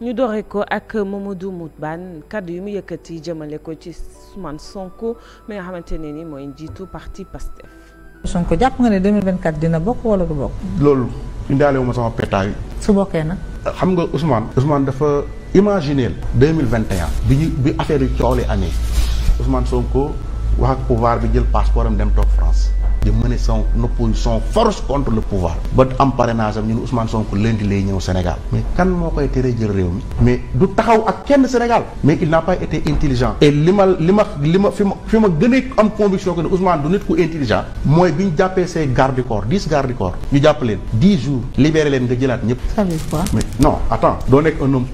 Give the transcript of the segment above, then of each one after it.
ñu doore ko ak Mamadou Moutbane kàddu yu mu yëkkati jëmale ko ci Ousmane Sonko mi nga xamante ne ni mooy njiitu parti PASTEF. Sonko jàpp nga ne 2024 dina bokk walla du bokk. loolu indaale wu ma sama pétaay. su bokkee nag. xam nga Ousmane. Ousmane dafa imaginer. 2021 bi ñu bi affaire yu coow amee Ousmane Sonko. wax ak pouvoir bi jël passeport am dem toog France. di mener son opposition force contre le pouvoir. ba am parrainage am ñun Ousmane Sonko lundi lay ñëw Sénégal. mais kan moo koy teree jël réew mi. mais du taxaw ak kenn Sénégal. mais il n'a pas été intelligent. et li ma li ma fi ma fi ma gën am conviction que ne Ousmane du nit ku intelligent. mooy bi ñu jàppee say garde corps dix corps ñu jàpp leen dix jour libéré leen nga jëlaat ñëpp. ça veut quoi mais non attends doo nekk un homme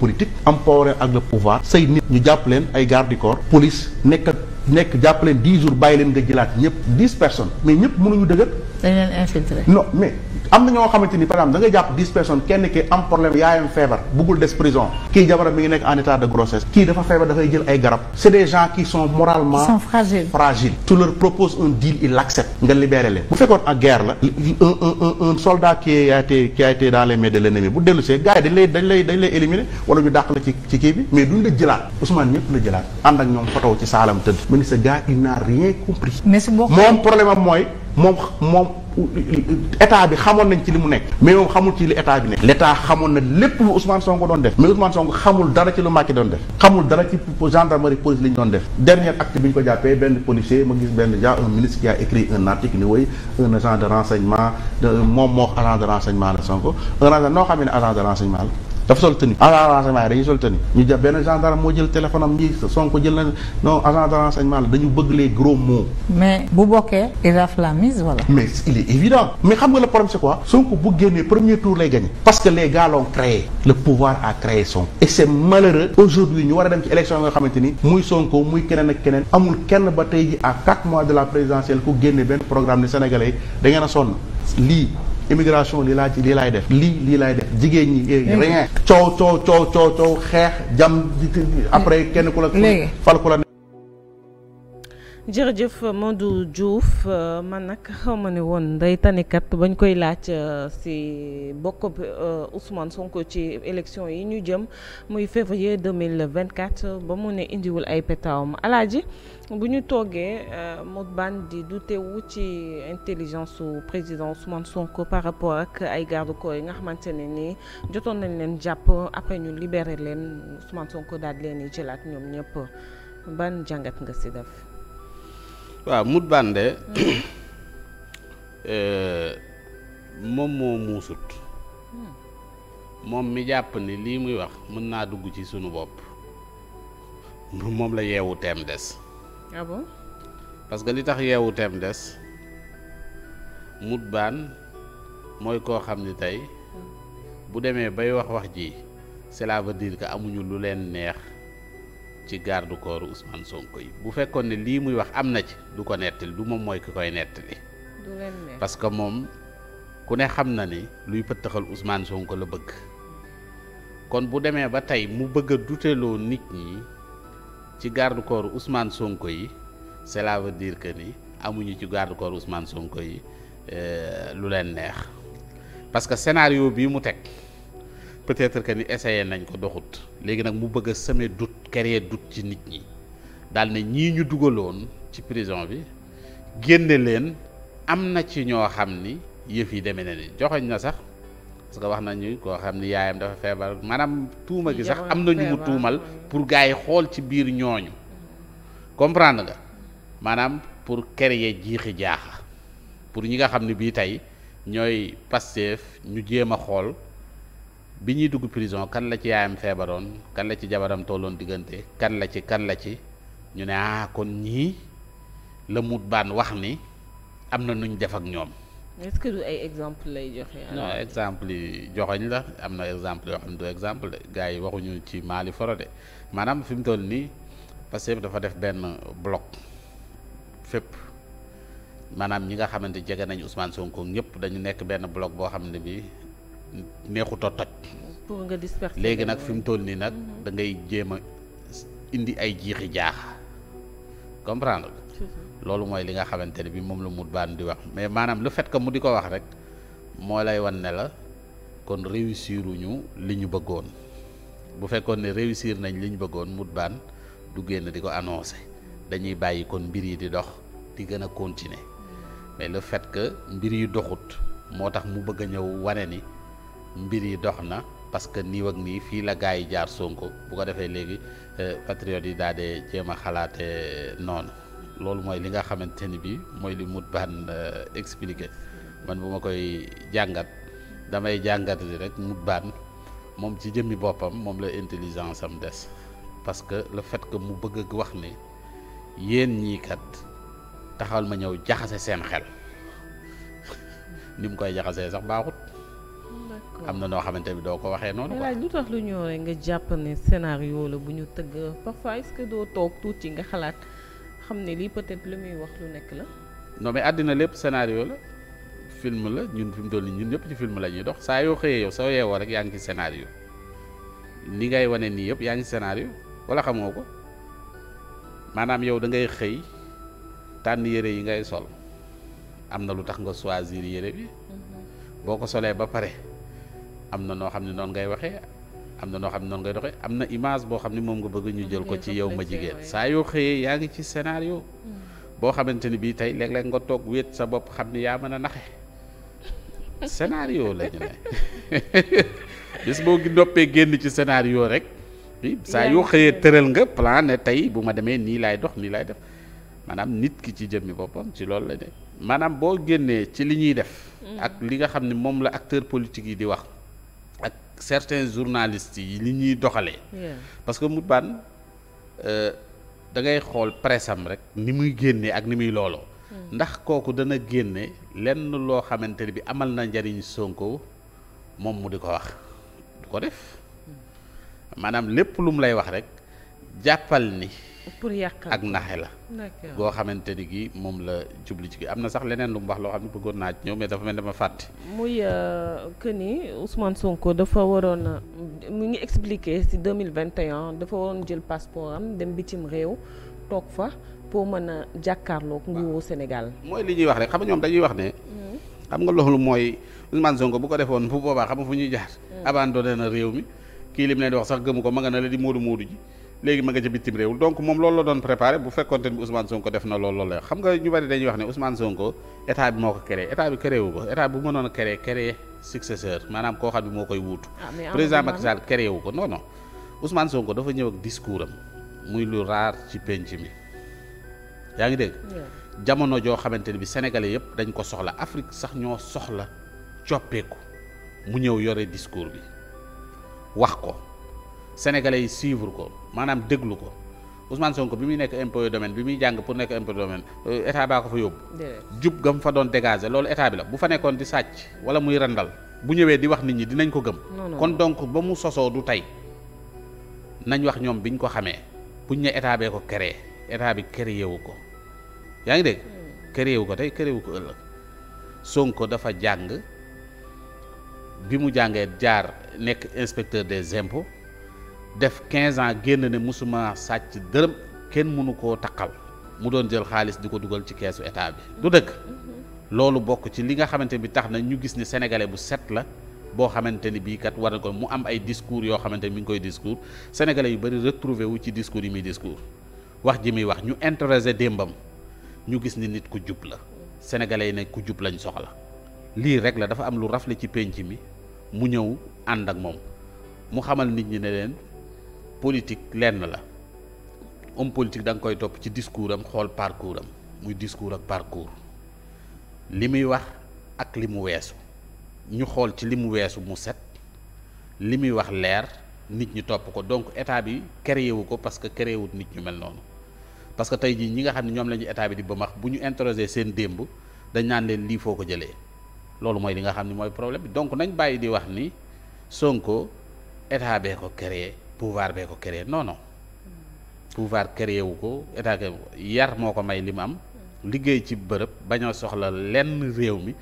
ak le pouvoir say nit ñu jàpp leen ay garde corps police nekk jàppaleen leen jour bàyyi leen nga jëlaat ñëpp dix personnes mais ñëpp mënuñu dëgër. dañ leen infiltrer non mais. am na ñoo xamante ni par exemple da nga jàpp dix personnes kenn ki am problème yaayam feebar buggul des prison kii jabaram mi ngi nekk en état de grossesse kii dafa feebar dafay jël ay garab c'est des gens qui sont moralement Ils sont fragiles fragiles tu leur proposes un deal ils l'acceptent nga libéré leen bu fekkoon ak guerre dellu see gars yi dañ lay dañ lay dañ lay éliminer wala ñu dàq la ci ci kii bi mais duñ la jëlaat Ousmane ñëpp la jëlaat ànd ak ñoom fotow ci saalam tëdd mu ni mooy moom moom état bi xamoon nañ ci li mu nekk mais moom xamul ci li état bi nekk l'état xamoon na lépp lu Ousmane Sonko doon def mais Ousmane Sonko xamul dara ci lu Macky doon def xamul dara ci gendarmerie police li ñu doon def dernier acte bi ñu ko jàppee benn policier ma gis benn ja un ministre qui a écrit un article ni woy un agent de renseignement moom moo agent de renseignement la Sonko un agent noo xam ne de renseignement la dafa sol tenue agent ah, renseignement ah, dañuy sol tenue ñu jàpp benn gendarme moo jël téléphone am ñi Sonko jël na non agent de renseignement la dañu bëgg les gros mots. mais bu bokkee il raflamise voilà. mais il est évident mais xam nga le problème c'est quoi Sonko bu génnee premier tour lay gagné parce que les gars l'ont créé le pouvoir a créé Sonko et c'est malheureux aujourd'hui ñu war a dem ci élection nga xamante ni muy Sonko muy keneen ak keneen amul kenn ba tey ji à quatre mois de la présidentielle ku génne benn programme ne sénégalais da ngeen a sonn lii immigration lii laa ci lii laay def lii lii laay def jigéen ñi eh, rien coow coow coow coow coow xeex jam après kenn ku la fal ku la jërëjëf euh, Modou Diouf euh, man nag xawma ni woon day tanikat bañ koy laaj euh, si bokk Ousmane Sonko ci élection yi ñu jëm muy février 2024 ba mu ne indiwul ay pétawam alaaji bu ñu toogee Modban di du dutewu ci intelligence su président Ousmane Sonko par rapport ak ay garde corps yi nga xamante ne nii jotoon nañ leen jàpp après ñu libere leen Ousmane Sonko daal leen yi jëlaat ñoom ñëpp ban jàngat nga si def waaw mut bande euh, moom moo muusut moom mi jàpp ni lii muy wax mën naa dugg ci sunu bopp moom la yeewu teem des ah parce que li tax yeewu teem des mut mooy koo xam ni tey bu demee bay wax wax ji cela veut dire amuñu lu leen neex ci garde corps Ousmane Sonko yi bu fekkoon ne lii muy wax am na ci du ko nettali du moom mooy ki koy nettali. du leen parce que moom ku ne xam na ni luy pëttaxal Ousmane Sonko la bëgg kon bu demee ba tey mu bëgg a nit ñi ci garde corps Ousmane Sonko yi cela veut dire que ni amuñu ci garde corps Ousmane Sonko yi euh, lu leen neex parce que scénario bii mu teg. peut-être que ni essayé nañ ko doxut léegi nag mu bëgg a semer doute créer doute ci nit ñi daal ne ñii ñu dugaloon ci prison bi génne leen am na ci ñoo xam ni yëf yi demee na ni joxoñ na sax parce que wax nañu koo xam ni yaayam dafa feebar maanaam tuuma gi sax am nañu mu tuumal pour gars yi xool ci biir ñooñu comprendre nga maanaam pour créer jiixi jaaxa pour ñi nga xam ne bii tey ñooy Pastef ñu jéem a xool. bi ñuy dugg prison kan la ci yaayam feebaroon kan la ci jabaram tolloon diggante kan la ci kan la ci ñu ne ah kon ñii la mut baan wax ni am na nuñ def ak ñoom. est-ce que du ay exemple lay yi joxoñ la am na exemple yoo xam ne du exemple gars yi waxuñu ci Mali foro de maanaam fi mu toll nii parce que dafa def benn bloc fépp maanaam ñi nga xamante jege nañ Ousmane Sonko ñëpp dañu nekk benn bloc boo xam ne bii. neexut a toj. nga disperser léegi nag fi mu toll nii nag da ngay jéem a indi ay jiixi jaax comprendre loolu mooy li nga xamante ne bi moom la mut baan di wax mais maanaam le fait que mu di ko wax rek moo lay wan ne la kon réussir ñu li ñu bëggoon bu fekkoon ne réussir nañ li ñu bëggoon mut baan du génn di ko annoncé dañuy bàyyi kon mbir yi di dox di gën a continuer mais le fait que mbir yi doxut moo tax mu bëgg a ñëw wane ni mbir yi dox na parce que nii ak nii fii la gars yi jaar Sonko bu ko defee léegi euh, patriotes yi daal de jéem a xalaate noonu loolu mooy li nga xamante ni bi mooy li mut baan euh, expliqué man bu ma koy jàngat damay jàngat li rek mut baan moom ci jëmmi boppam moom la intelligence am des parce que le fait que mu bëgg wax ni yéen ñii kat taxawal ma ñëw jaxase seen xel ni mu koy jaxasee sax baaxut am na noo xamante bi doo ko waxee noonu. quoi lu tax lu ñoo rek nga jàpp ne scénario la bu ñu tëgg parfois est-ce doo toog tuuti nga xalaat xam ne lii peut-être lu muy wax lu nekk la. non mais àddina lépp scénario la film la ñun fi mu toll nii ñun ñëpp ci film la ñuy dox saa yoo xëyee yow soo yeewoo rek yaa ngi ci scénario li ngay wane nii yëpp yaa ngi scénario wala xamoo ko maanaam yow dangay xëy tànn yére yi ngay sol am na lu tax nga choisir yére bi mhm. boo ko solee ba pare. am na noo xam ne noonu ngay waxee am na noo xam ne noonu ngay doxee am na image boo xam ne moom nga bëgg ñu jël ko ci yow ma jigéen saa xëyee yaa ngi ci scénario hmm. boo xamante ni bii tey léeg-léeg nga toog wéet sa bopp xam ne yaa mën a naxe scénario la ñu ne bis génn ci scénario rek saa yoo xëyee tëral nga plan tey bu ma demee nii laay dox nii laay def maanaam nit ki ci jëmmi boppam ci loolu maanaam boo génnee ci li ñuy def hmm. ak li nga xam ne moom la acteur politique yi di wax certains journalistes yi li ñuy doxalee. parce que Moutbane euh, da ngay xool presse rek ni muy génnee ak ni muy looloo. Mm. ndax kooku dana génne lenn loo xamante ne bi amal na njariñ Sonko moom mu di ko wax du ko def mm. maanaam lépp lu mu lay wax rek jàppal ni. pour yàq ak naxe la. goo xamante ni gi moom la jublu ci gi am na sax leneen lu mu wax loo xam ne bëggoon naa ci ñëw mais dafa mel dama fàtte. muy euh, que ni Ousmane Sonko dafa waroon mu ngi expliquer ci 2021 dafa waroon jël passeport am dem bitim réew toog fa pour mën a jàkkaarloog nguuru Sénégal. mooy li ñuy wax rek xam nga ñoom dañuy wax ne. Hmm. xam nga lu mooy Ousmane Sonko bu ko defoon bu boobaa xam fu ñuy jaar. Hmm. abandonné na réew mi kii lim leen di wax sax gëmu ko ma nga la di moodu moodu ji. léegi ma nga ca bitim réew donc moom lool la doon préparé bu fekkonte ni Ousmane Sonko def na loolu loolu la xam nga ñu bari dañuy wax ne Ousmane Sonko état bi moo ko créé état bi créé wu ko état bu mënoon a créé créé successeur maanaam koo xam ne moo koy wuutu. Ah, président Macky Sall créé wu ko non non Ousmane ko dafa ñëw ak discours am muy lu raar ci pénc mi yaa ngi dégg. jamono joo xamante ni bi sénégalais yëpp dañ ko soxla Afrique sax ñoo soxla coppeeku mu ñëw yore discours bi wax ko. sénégale yi suivre ko maanaam déglu ko Ousmane ko bi muy nekk impôt domaine bi muy jàng pour nekk impôt domaine euh, état ko fa yóbbu. jub mu fa doon dégager loolu état bi la bu fa nekkoon di sàcc wala muy randal bu ñëwee di wax nit ñi dinañ ko gëm. kon donc ba mu sosoo du tey nañ wax ñoom biñ ko xamee buñ ne état bee ko keree état bi créé wu ko yaa ngi de hmm. créé ko tey créé wu ko ëllëg Sonko dafa jàng bi mu jàngee jaar nekk inspecteur des impôts. def 15 ans génn ne musuma sàcc dërëm kenn mënu koo taqal mu doon jël xaalis di ko dugal ci keesu état bi du dëkk mm-hmm. loolu bokk ci li nga xamante bi tax na ñu gis ne sénégalais bu set la boo xamante ni bii kat war na ko mu am ay discours yoo xamante ni mi ngi koy discours sénégalais yu bëri retrouvé wu ci discours yi muy discours wax ji muy wax ñu interroger démbam ñu gis ni nit ku jub la sénégalais yi ne ku jub lañ soxla lii rek la dafa am lu rafle ci pénc mi mu ñëw ànd ak moom mu nit ñi ne politique lenn la homme politique da nga koy topp ci discours am xool parcours am muy discours ak parcours li muy wax ak li mu weesu ñu xool ci li mu weesu mu set li muy wax leer nit ñi topp ko donc état bi créé wu ko parce que créé wut nit ñu mel noonu parce que tey jii ñi nga xam ne ñoom la ñu état bi di ba max bu ñu interroger seen démb dañ naan leen lii foo ko jëlee loolu mooy li nga xam ne mooy problème bi donc nañ bàyyi di wax ni Sonko état bee ko créé pouvoir bee ko créé non non pouvoir créé ko état yar moo ko may lim am liggéey ci bërëb bañoo soxla lenn réew mi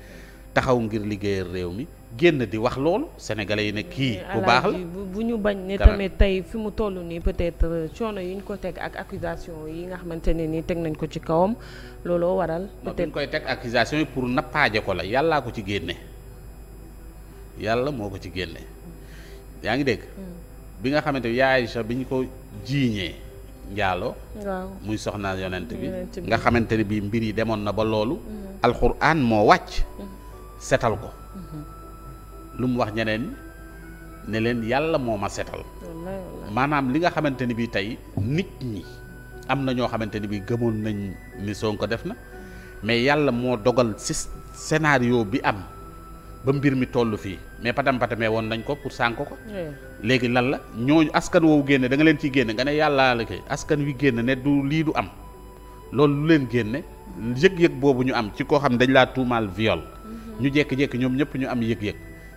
taxaw ngir liggéeyal réew mi génn di wax lool sénégalais yi ne kii bu baax la bu ñu bañ ne tamit tey fi mu toll nii peut-être euh, coono yi ñu ko teg ak accusation yi nga xamante ne nii teg nañ ko ci kawam looloo waral peut-être ñu koy teg accusation yi pour nappaaje ko la yàllaa ko ci génne yàlla moo ko ci génne yaa ngi dégg hmm. bi nga xamante ne yaay Aïcha bi ñu ko jiiñee njaalo muy soxna yonent bi nga xamante ne bii mbir yi demoon na ba loolu mm-hmm. alxuraan moo wàcc mm-hmm. setal ko mm-hmm. lu mu wax ñeneen ne leen yàlla moo ma setal maanaam li nga xamante ni bii tey nit ñi am na ñoo xamante ni bii gëmoon nañ ni ko def na mais yàlla moo dogal si scénario bi am ba mbir mi toll fii mais patam patamee woon nañ ko pour sànk ko. léegi lan la ñooñu askan woowu génne da nga leen ciy génne nga ne yàllaa la askan wi génne ne du lii du am loolu lu leen génne yëg-yëg boobu ñu am ci koo xam dañ laa tuumaal viol. Mhm. ñu jékki-jékki ñoom ñëpp ñu am yëg-yëg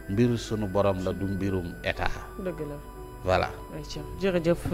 mbir sunu borom la du mbirum état. dëgg